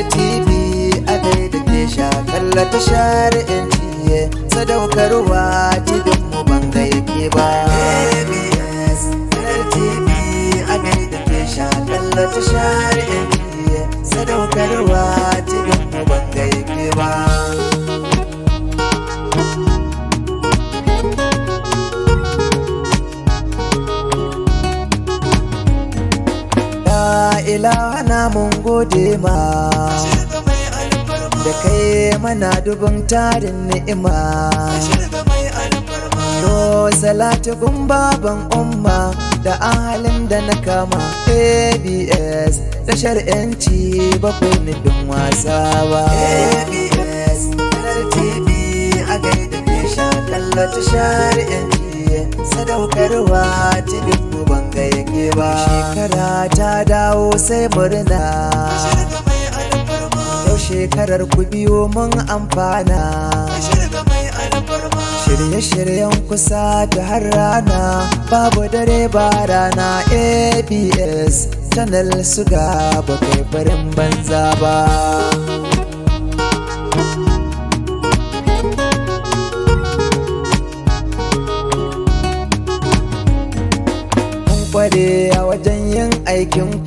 TV a da ke kalla sadaukarwa cikin mu ban ga yake ba. ABS Channel TV a da ke sha kalla ta share sadaukarwa ilawa na mun gode ma da kai mana dubin tarin ni'ima yo salatu gun baban umma da ahalin da na kama abs da shar'anci bakwai nufin wasa ba abs tv a gaida ke sha kallata shar'anci sadaukarwa ta ba da yake ba shekara ta dawo sai murna yau shekarar ku biyo mun amfana shirye-shiryen kusa ta har rana babu dare ba rana abs channel suga ba kai barin banza ba kware a wajen yin aikin